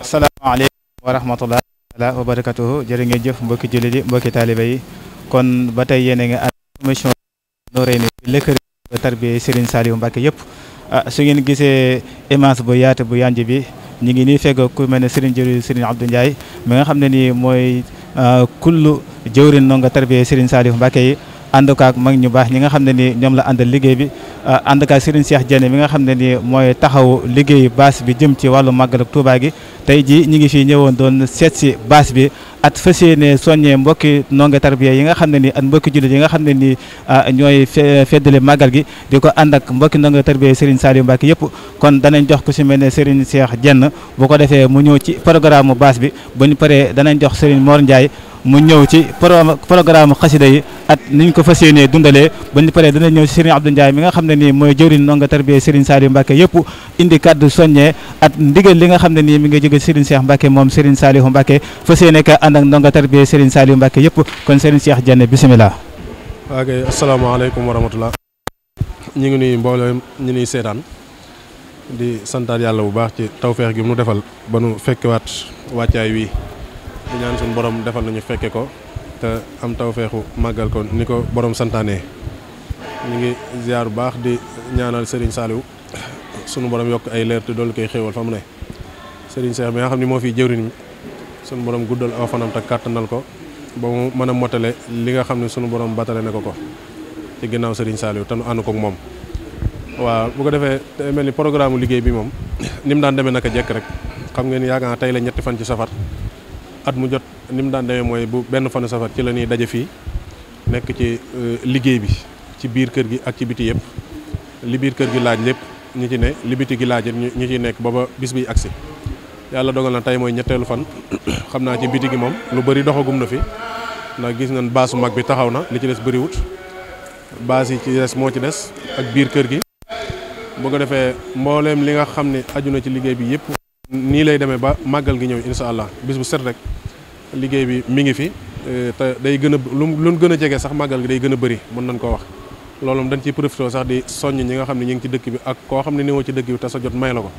asalaamaaleykum wa rahmatulah taala wa barakatuhu jërë ngeen jëf mbokki jullit yi mbokki taalibe yi kon ba tey yéen a ngi ànd commission Noreyni bi lëkkëri tarbiya Serigne Saliou Mbacke yëpp ah, su ngeen gisee image bu yaatu bu yanj bi ñu ngi nii fegg ku mel ne Serigne Jëri Serigne Abdou Ndiaye xam ne nii mooy ah, kullu jëwrin noo nga tarbiye Serigne Saliou Mbacké yi ànd ko ak mag ñu baax ñi nga xam ne ni ñoom la àndal liggéey bi ah, ànd ko ak Serigne Cheikh mi nga xam ne ni mooy taxaw liggéey baas bi jëm ci wàllu màggal ak Touba tey jii ñi ngi fii ñëwoon doon seet si baas bi at fas yéene soññee mbokki ndongo tarbiya yi nga xam ne ni ak mbokki jullit yi nga xam ne ni ah, ñooy feddale màggal gi di ko ànd ak mbokki ndongo tarbiya Serigne Saliou Mbacké yëpp kon danañ jox ku si mel ne Serigne Cheikh ko defee mu ñëw ci programme baas bi buñ paree danañ jox Serigne moor Ndiaye mu ñëw ci programme xasida yi at ñu ko fas yéenee dundalee ba ñu paree dana ñëw ci Serigne Abdou Ndiaye mi nga xam ne nii mooy jëwriñ ndonga tarbiya Serigne Saliou Mbacke yëpp indi kaddu soññee at ndigal li nga xam ne nii mi nga jóge Serigne Cheikh Mbacke moom Serigne Saliou Mbacke fas yéene ka ànd ak ndonga tarbiya Serigne Saliou Mbacke yëpp kon Serigne Cheikh Diagne bisimilah. waa kay asalaamaaleykum wa rahmatulah. ñu ngi nuyu mbooloo ñu nuy yàlla bu baax ci tawfeex gi mu defal ba nu fekkewaat wàccaay wi di ñaan suñu borom defal nañu fekke ko te am tawfeexu màggal ko ni ko borom santaane ñu ngi ziar bu baax di ñaanal sëriñ Saliou sunu borom yokk ay leer te doolu koy xéewal fa mu ne sëriñ Cheikh bi nga xam ne moo fi jëwriñ mi sunu borom guddal aw fanam te kàttanal ko ba mu mën a motale li nga xam ne sunu borom batale na ko ko ci ginnaaw Serigne Saliou tanu nu ànd ko moom. waa bu ko defee mel ni programme liggéey bi moom ni mu daan demee naka jekk rek xam ngeen yaakaar tey la ñetti fan ci safar. at mu jot nim daan dewe moy bu benn fanu safar ci lañuy ñuy fi nek ci liggéey bi ci biir kër gi ak ci biti yépp li biir kër gi laaj lépp ñi ci ne li biti gi laaj ñi ci nek baba bis bi aksi yalla dogal na tay moy ñettelu fan xamna ci biti gi mom lu bari doxagum na fi na gis ngeen basu mag bi taxaw na li ci dess bari wut basi ci des mo ci dess ak biir kër gi bu ko defee mbooleem li nga xam aduna ci liggéey bi yépp ni lay démé ba magal gi ñew inshallah allah bis bu sét rek liggéey bi mi ngi fi té day gëna luñu gëna jégé sax magal gi day gëna bëri mën nañ ko wax lolum dañ ci profito sax di soñ ñi nga xamni ñi ngi ci dëkk bi ak ko xamni ni néewoo ci dëkk bi te sa jot may la ko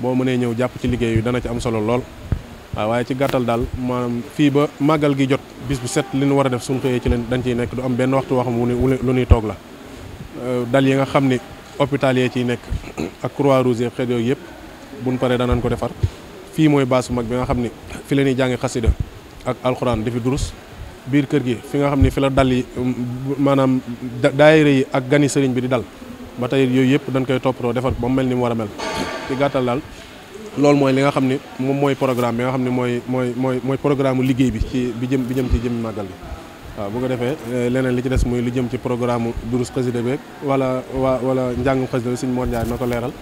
bo mëne ñew japp ci liggéey yu dana ci am solo lol waaw waaye ci gattal dal manam fi ba magal gi jot bis bu sét liñu wara def suñu xëyee ci leen dañ ci nekk du am benn waxtu waxam wu lu ñuy tok la dal yi nga xamni hôpital yi ci nekk ak croix rouge xeet buñ paree danañ ko defar fii mooy baas mag bi nga xam ni fi la ñuy jàngi xasida ak alxuraan di fi durus biir kër gi fi nga xam ni fi la dal yi maanaam daayira yi ak gani sëriñ bi di dal ba tey yooyu yëpp dañ koy toppatoo defar ba mu mel ni mu war a mel ci gàttal daal loolu mooy li nga xam ni moom mooy programme bi nga xam ni mooy mooy mooy mooy programme liggéey bi ci bi jëm bi jëm ci jëm màggal bi waaw bu ko defee eh, leneen li ci des muy lu jëm ci programme durus xasida beeg wala waa wala njàngum xasida bi suñ Mor Ndiaye na ko leeral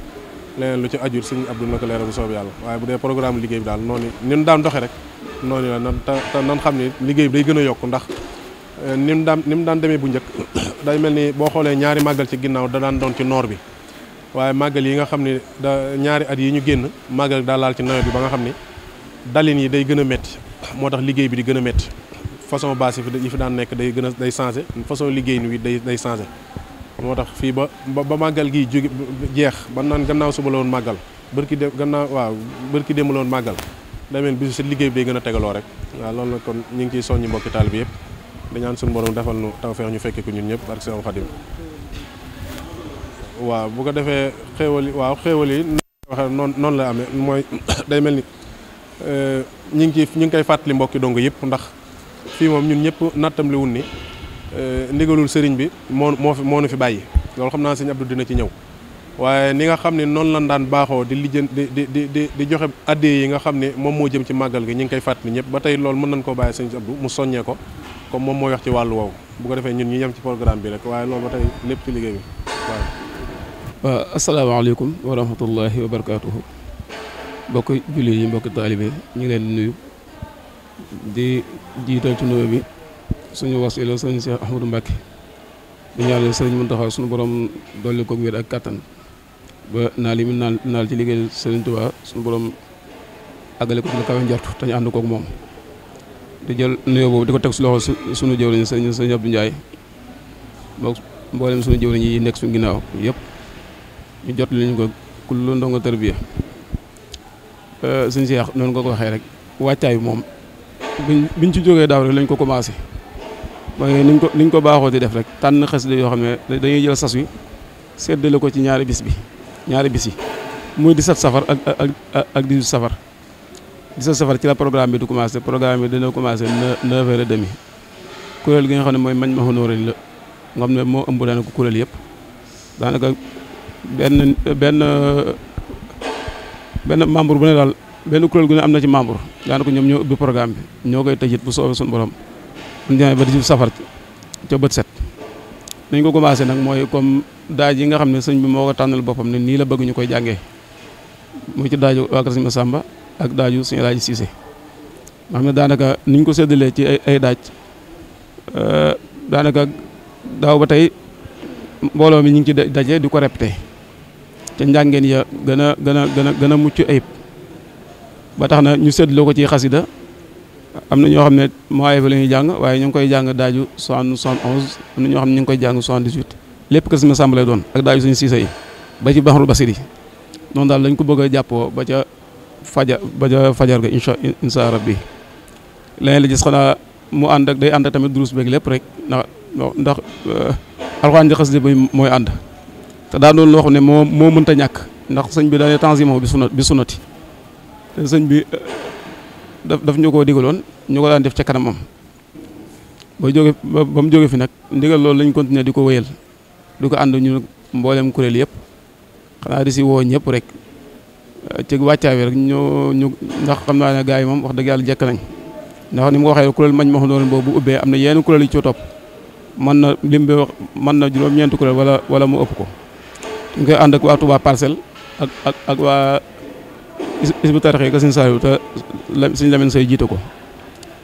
leneen lu ci ajur sëñ Abdou na ko leeral bu soob yàlla waaye bu dee programme liggéey bi daal noonu ni ñu daan doxee rek noonu la nan te nan xam ne liggéey bi day gën a yokk ndax euh, ni mu daan ni mu daan demee bu njëkk day mel ni boo xoolee ñaari màggal ci ginnaaw da daan doon ci noor bi waaye màggal yi nga xam ne da ñaari at yi ñu génn màggal daal laal ci nawet bi ba nga xam ne dalin yi day gën a métti moo tax liggéey bi di gën a métti façon base yi fi daan nekk day gën a day changé façon liggéey ni wi day day changé motax fi ba ba magal gi jóge jeex ba nan gannaaw suba lawon magal barki de gannaaw wa barki dem lawon magal màggal dameen bisu rek wa lool la kon ñing ci soñu mbokk talib taal bi di ñaan suñu borom defal nu tawfeex ñu fekke ko ñun ñëpp barki Seexul khadim wa bu ko defé xéewali wa xéewali xéewal non la amé moy day melni ni euh, ñing ci ñing kay fatali mbokk dongu mbokki ndax fi mom ñun ñëpp natam li Euh, ndigalul sëriñ bi moo moo moo nu fi bàyyi loolu xam naa sëñ Abdou dina ci ñëw waaye ni nga xam ne noonu lan daan baaxoo di lijjën di di di di di joxe addee yi nga xam ne moom moo jëm ci màggal gi ñu ngi koy fàttali ñëpp ba tey loolu mën nañ koo bàyyi sëñ Abdou mu soññee ko comme moom mooy wax ci wàllu woowu bu ko defee ñun ñu yem ci programme bi rek waaye loolu ba lépp ci liggéey bi waaw. waaw asalaamaaleykum wa rahmatullahi wa barakaatuhu mbokk jullit yi mbokk ñu leen di nuyu di jiital ci nuyoo bi. suñu wasila sëriñ Cheikh Ahmadou Mbacke yàlla ñaanal sëriñ Mountakha suñu borom dolli ko wér ak kàttan ba naal yi mu naal naal ci liggéey sëriñ Touba suñu borom àggale ko ci lu kawe njort te ñu ànd koog moom. di jël nuyoo di ko teg si loxo suñu jëwriñ sëriñ sëriñ Abdou Ndiaye moom mboolem suñu jëwriñ yi nekk suñu ginnaaw yëpp ñu jot lañu ñu ko kullu ndongo tarbiya euh, sëñ Cheikh noonu nga ko waxee rek wàccaay moom. biñ biñ ci jógee daaw rek lañ ko commencé mooy niñ ko niñ ko baaxoo di def rek tànn xasida yoo xam ne dañuy jël sas wi seddale ko ci ñaari bis bi ñaari bis yi muy 17 safar ak ak ak 18 safar 17 safar ci la programme bi du commencé programme bi dina commencé 9 heures et demi kuréel gi nga xam ne mooy mañ ma honoré la nga xam ne moo ëmb daanaka kuréel yëpp daanaka benn benn benn membre bu ne daal benn kuréel gu ne am na ci membre daanaka ñoom ñoo ubbi programme bi ñoo koy tëjit bu soobee suñu borom. bu ñu ba di safar ca bët set nañ ko commencé nag mooy comme daaj yi nga xam ne sëñ bi moo ko tànnal boppam ne nii la bëgg ñu koy jàngee muy ci daaju waa Kër Sëñ Masamba ak daaju suñu daaju Siise nga xam ne daanaka niñ ko séddalee ci ay ay daaj euh, daanaka daaw ba tey mbooloo mi ñu ngi ci daje di ko répété ca njàngeen ya gën a gën a gën a gën a mucc ayib ba tax na ñu séddloo ko ci xasida am na ñoo xam ne moayefa la ñuy jàng waaye ñu ngi koy jàng daaju soixante soixante onze am na ñoo xam ne ñu ngi koy jàng soixante dix huit lépp kër suñu sàmb lay doon ak daaju suñu siisa yi ba ci baxarul basir yi noonu daal lañ ko bëgg a jàppoo ba ca faja ba ca fajar ga incha incha rabbi leneen la gis xanaa mu ànd ak day ànd ak tamit durus beeg lépp rek ndax ndax euh, alxuraan di xasida bi mooy ànd te daa doon loo xam ne moo moo mënta ñàkk ndax sëñ bi daanee temps yi bi sunat bi sunati te sëñ bi daf ñu koo digaloon ñu ko daan def ca kanamam ba jóge ba mu jóge fi nag ndigal loolu lañ continuer di ko wéyal du ko ànd ñu mbooleem kuréel yëpp xanaa di si woo ñëpp rek ci wàccaa wi rek ñoo ñu ndax xam naa ne gars yi moom wax dëgg yàlla jekk nañ ndax ni mu ko waxee kuréel mañ ma xam boobu bu ubbee am na yenn kuréel yu ci topp mën na lim bi wax mën na juróom-ñeenti kuréel wala wala mu ëpp ko ñu koy ànd ak waa Touba parcelle ak ak Hizbut Tarqiyyah ka sëñ Saliou te sëñ Lamine Seye jiite ko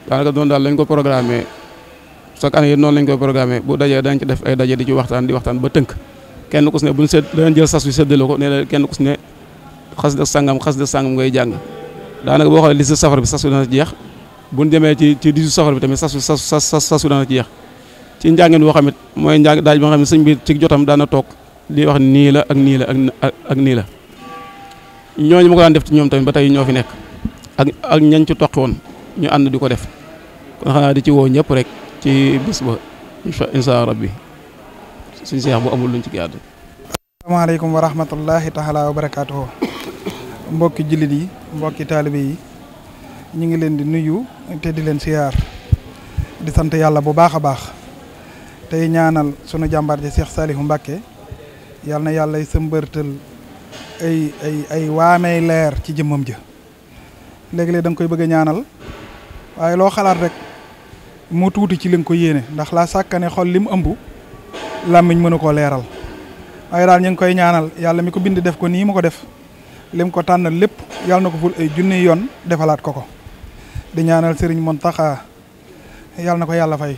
daanaka doon daal lañ ko sa chaque année noonu lañ koy programme bu dajee dañ ci def ay daje di ci waxtaan di waxtaan ba tënk kenn ku si ne buñ sedd danañ jël sas wi seddale ko nee kenn ku si ne xas de sangam xas de sangam ngay jàng daanaka boo xoolee li sa safar bi sas wi dana jeex buñ demee ci ci disu safar bi tamit sas wi sas sas sas wi dana jeex ci njàngin boo xam it mooy njàng daaj boo xam ne sëñ bi ci jotam daana toog li wax nii la ak nii la ak ak nii la ñooñu ma ko daan def ci ñoom tamit ba tey ñoo fi nekk ak ak ñan ci toqi woon ñu ànd di ko def kon xanaa di ci woo ñëpp rek ci bis ba insha rabbi suñ seex bu amul luñ ci gàdd asalaamaaleykum wa rahmatullahi taala wa barakaatuhu mbokki jullit yi mbokki taalibe yi ñi ngi leen di nuyu te di leen siyaar di sant yàlla bu baax a baax tey ñaanal sunu jàmbaar ji Cheikh salihu Mbacké yàlla na yàlla sëmbërtal ay ay ay wa leer ci jëmmam ja léegi-léeg da nga koy bëgg a ñaanal waaye loo xalaat rek mu tuuti ci li nga ko yéene ndax laa sàkkane xol li mu ëmb làmmiñ mënu koo leeral waaye daal ñu ngi koy ñaanal yàlla mi ko bind def ko nii ko def lim ko tànnal lépp yàlla na ko ful ay junni yoon defalaat ko ko di ñaanal sëriñ Mountakha yàlla na ko yàlla fay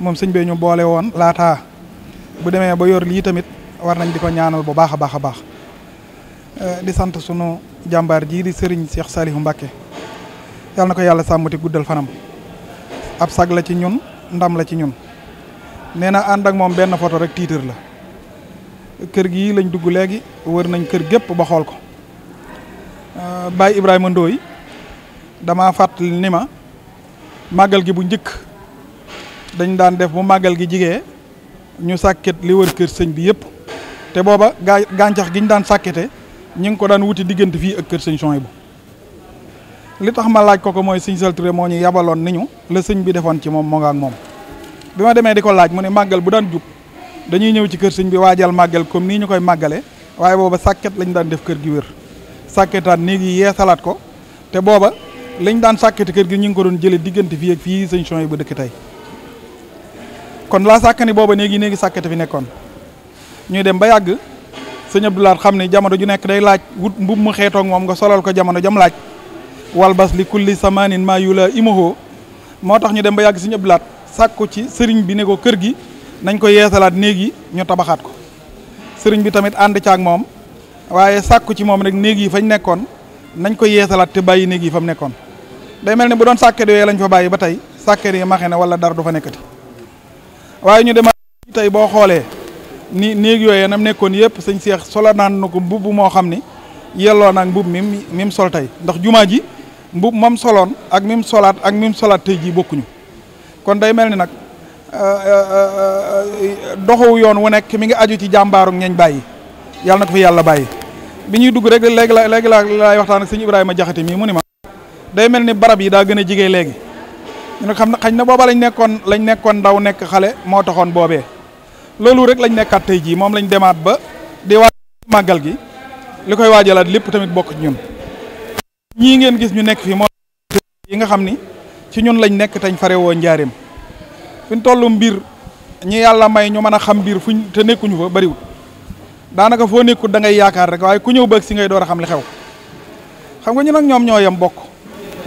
moom sëñ bee ñu boole woon laataa bu demee ba yor lii tamit war nañ di ko ñaanal bu baax a baax a baax Eh, di sant suñu jambar ji di Serigne Cheikh salih mbake yalla nako yalla samuti guddal fanam ab sag la ci ñun ndam la ci ñun neena na ak mom benn photo rek titre la kër gi lañ dugg léegi wër nañ kër gep ba xol ko eh, Baye Ibrahima ndoy dama fat ni ma gi bu njëkk dañ daan def bu magal gi jige ñu sakket li wër kër señ bi yëpp té boba daan sakété ñi ngi ko daan wuti diggante fii ak kër sëñ Souhaïbou li tax ma laaj ko ko mooy sëñ Sall Touré moo ñu yabaloon ni ñu la sëñ bi defoon ci moom moo nga ak moom bi ma demee di ko laaj mu ne màggal bu daan jub dañuy ñëw ci kër sëñ bi waajal màggal comme nii ñu koy màggale waaye booba sàkket lañ daan def kër gi wér sàkketaan néeg yee salaat ko te booba lañu daan sàkketi kër gi ñu ngi ko doon jële diggante fii ak fii sëñ Souhaïbou bu dëkk tey kon laa sàkkani booba néegi néegi sàkkete fi nekkoon ñuy dem ba yàgg sëñ Abdoulaat xam ne jamono ju nekk day laaj wut mbub mu xeetoog moom nga solal ko jamono jam laaj walbas li kulli samanin ma yula la imaho moo ñu dem ba yàgg sëñ Abdoulaat sàkku ci sëriñ bi ne ko kër gi nañ ko yeesalaat néeg yi ñu tabaxaat ko sëriñ bi tamit ànd caag moom waaye sàkku ci moom rek néeg yi fañ nekkoon nañ ko yeesalaat te bàyyi néeg yi day bu doon lañ fa ba wala du fa nekkati ñu dema tey boo ni néeg yooyee nam nekkoon yëpp sëñ Seex sola naan na ko mbubb moo xam ni yelloo naag mbubb mi mi mu sol tey ndax jumaa ji mbubb moom soloon ak mi solaat ak mi solaat tey jii bokkuñu kon day mel ni nag euh, euh, euh, doxu yoon wu nekk mi ngi aju ci jàmbaaru ñeñ bàyyi yàlla na ko fi yàlla bàyyi bi ñuy dugg rek léegi la léegi la laay waxtaan ak sëñ Ibrahima Jaxate mii mu ni ma day mel ni barab yi daa gën a jigee léegi ñu xam na xañ na booba lañ nekkoon lañ nekkoon ndaw nekk xale moo taxoon boobee Lalu rek lañ nekkat tay ji mom lañ démat ba di wa magal gi likoy wajalat lepp tamit bok ñun ñi ngeen gis ñu nekk fi mo yi nga xamni ci ñun lañ nekk tañ faré wo ndiarim fi tollu mbir ñi yalla may ñu mëna xam mbir fuñ te nekkuñu fa bariwul daanaka fo nekk da ngay yaakar rek waaye ku ñew bëk si ngay doora xam li xew xam nga ñu nak ñom ñoyam bok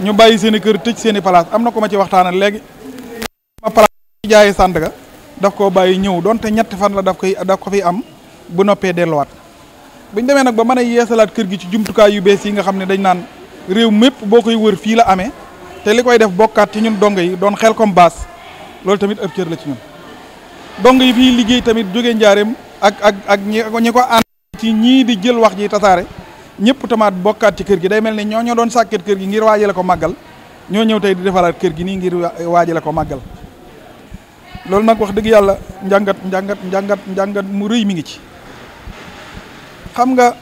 ñu bayyi seen kër tëj seen place amna ko ma ci waxtaanal legi ma place jaay sànd ga daf koo bàyyi ñëw donte ñetti fan la daf koy daf ko fi am bu noppee delluwaat bu ñu demee nag ba mën a yeesalaat kër gi ci jumtukaay yu bees yi nga xam ne dañ naan réew mépp boo koy wër fii la amee te li koy def bokkaat ci ñun dong yi doon xel comme baas loolu tamit ëpp la ci ñun dong yi fii liggéey tamit jóge njaareem ak ak ak ñi ko ànd ci ñii di jël wax ji tasaare ñëpp tamaat bokkaat ci kër gi day mel ne ñoo ñoo doon sàkket kër gi ngir waajale ko màggal ñoo ñëw tey di defaraat kër gi nii ngir waajale ko màggal loolu nag wax deug yalla njangat njangat njangat njangat mu reuy mi ngi ci xam nga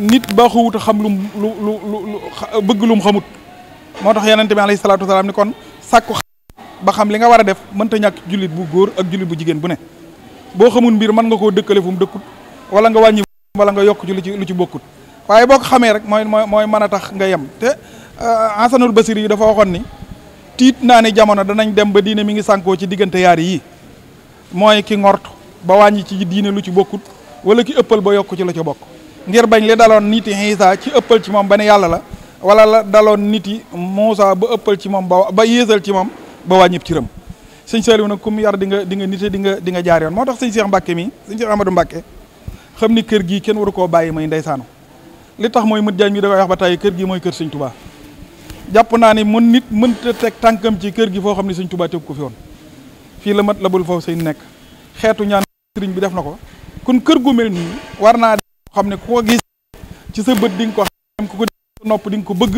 nit baxu wut xam lum lu lu lu bëgg lum xamut motax tax yonente bi alayhi salatu wasalaam ni kon sakku ba xam li nga wara def mënta ñak julit bu goor ak julit bu jigen bu ne bo xamul mbir man nga ko dekkale fu mu dekkut wala nga wañi wala nga yok julit ci lu ci bokut waye boo xame rek moy moy mooy nga yam te euh, Hasanul Basiri dafa waxon ni tit naa ne jamono danañ dem ba diine mi ngi sanko ci digënté yar yi moy ki ngort ba wàññi ci diine lu ci bokut wala ki ëppal ba yok ci la ci bok ngir bañ li dalon niti Isa ci ëppal ci mom ba ne la wala la niti niti musa ba ëppal ci mom ba yeesal ci mom ba wàññi ci reum seigne salim nak kum yar di nga di nga nite di nga di nga jaar yon motax seigne Cheikh Mbacke mi seigne Cheikh Amadou Mbacke xamni ni kër gii kenn waru ko bàyyi may ndaysanu li tax moy mët mi da wax ba tay kër gi moy kër seigne Touba jàpp naa ni mën nit mënta teg tànkam ci kër gi foo xam ne sañ Tuubaa teg ko fi woon fii la mat la bul foofu sëñ nekk xeetu ñaan sëriñ bi def na ko kon kër gu mel nii war naa xam ne ku ko ci sa bët di nga ko xam ku nopp di nga ko bëgg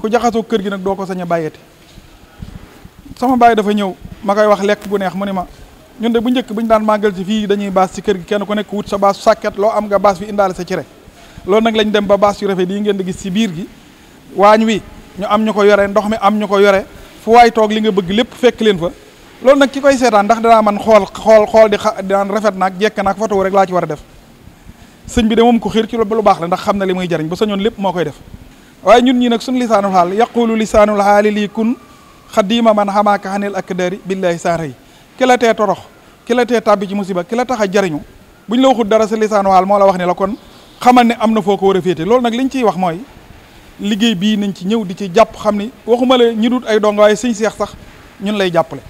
ku jaxasoo kër gi nag doo ko sañ a bàyyete sama bàyyi dafa ñëw ma koy wax lekk gu neex mu ne ma ñun de bu njëkk bu ñu daan màggal ci fii dañuy baas ci kër gi kenn ku nekk wut sa baas sàkket loo am nga bi indaale sa cere loolu nag lañ dem ba baas yu rafet yi ngeen di gis ci biir gi waañ wi ñu am ñuko yoré ndox mi am ñuko yoré fu way tok li nga bëgg lepp fekk leen fa lool nak ki sétan ndax dara man xol xol xol di daan rafet nak jek nak photo rek la ci wara def señ bi de mom ko xir ci lu baax la ndax xamna limay jariñ ba sañoon koy def waaye ñun ñi nak sun lisanul hal yaqulu lisanul hal li kun khadima man hama xanil ak dari billaahi saara yi ki torox ki la tabbi ci musiba ki taxa tax a jariñu bu la waxu dara sa lisanul hal mo la wax ni la kon xamal ne amna foko wara fété lool nak liñ ci wax moy liggéey bi nañ ci ñëw di ci japp xamni waxuma la ñi dut ay dong waaye sëñ seex sax ñun lay jappalé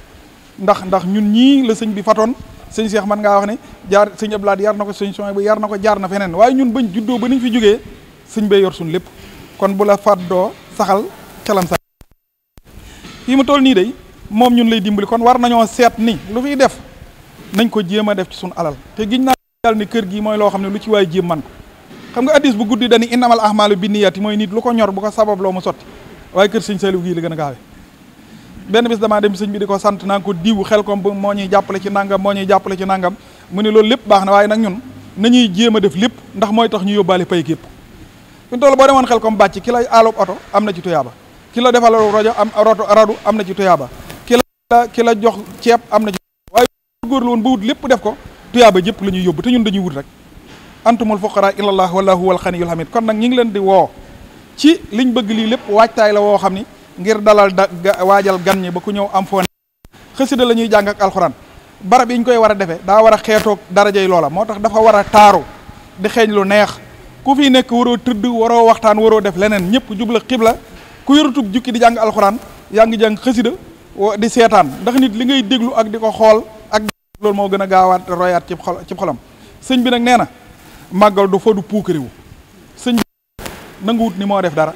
ndax ndax ñun ñi le seigne bi fatoon seigne cheikh man nga wax ni jaar seigne Abdoulaye yar na seigne sëñ bu yar nako jaar na fenen waaye ñun bañ juddo ba niñ fi juggé seigne bay yor sun lepp kon bu la faddo saxal calam sax yi mu toll ni day mom ñun lay dimbali kon war nañu set ni lu fi def nañ ko jema def ci sun alal te giñ na dal ni kër gi moy lo xam lu ci way man ko xam nga hadith bu guddi dani innamal a'malu binniyati moy nit lu ko ñor bu ko sabab lo mu soti way keur seigne Saliou gi li gëna gaawé gaawe benn bis dama dem seigne bi diko sant naa ko diiw xel ko bu moo ñuy ci nangam moo ñuy jàppale ci nangam mu ni lool lepp baax na waaye nag ñun nañuy jema def lepp ndax moy tax ñu yóbbaale pay gep ñu tol bo demone xel ko bàcc ki la alop auto am ci tuyaaba ki la defal rojo am roto radu amna ci tuyaaba ki la ki la jox ciep amna ci way gor lu won bu wut lepp def ko tuyaaba jep lañuy ñuy te ñun dañuy wut rek antumul fuqara illallah wallahu wal xaniyul hamid kon nak ñing leen di wo ci liñ bëgg lii lépp hamni. la wo xamni ngir dalal wajal waajal gan ñi ba ku ñew am foo xësida lañuy jang ak wara barab yiñ koy wara defé da wara war a loola dafa wara taru di xéñ lu neex ku fi nek waro tudd waro waxtaan waro def leneen ñepp jubla qibla ku yorutub jukki di jang alquran yaa jang di setan ndax nit li ngay deglu ak diko xol ak lool mo gëna gawaat royaat ci xol ci xolam señ bi nak neena magal du fa du wu seigne nangout ni mo def dara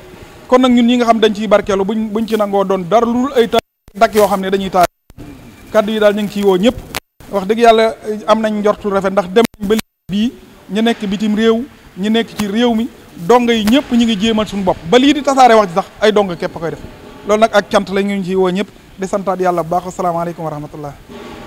kon nak ñun ñi nga xam dañ ci barkelu buñ buñ ci nango don dar lul ay ta dak yo xamne dañuy ta kaddu yi dal ñing ci wo ñep wax deug yalla eh, am nañ ndortu rafet ndax dem ba nekk bitim rew ñi nekk ci rew mi dongay ñep ñi ngi jéemal suñu bop ba li di tasaare wax ji sax ay dong képp koy def lool nak ak cant la ñu ci wo ñep di santat yalla baax assalamu alaykum wa rahmatullah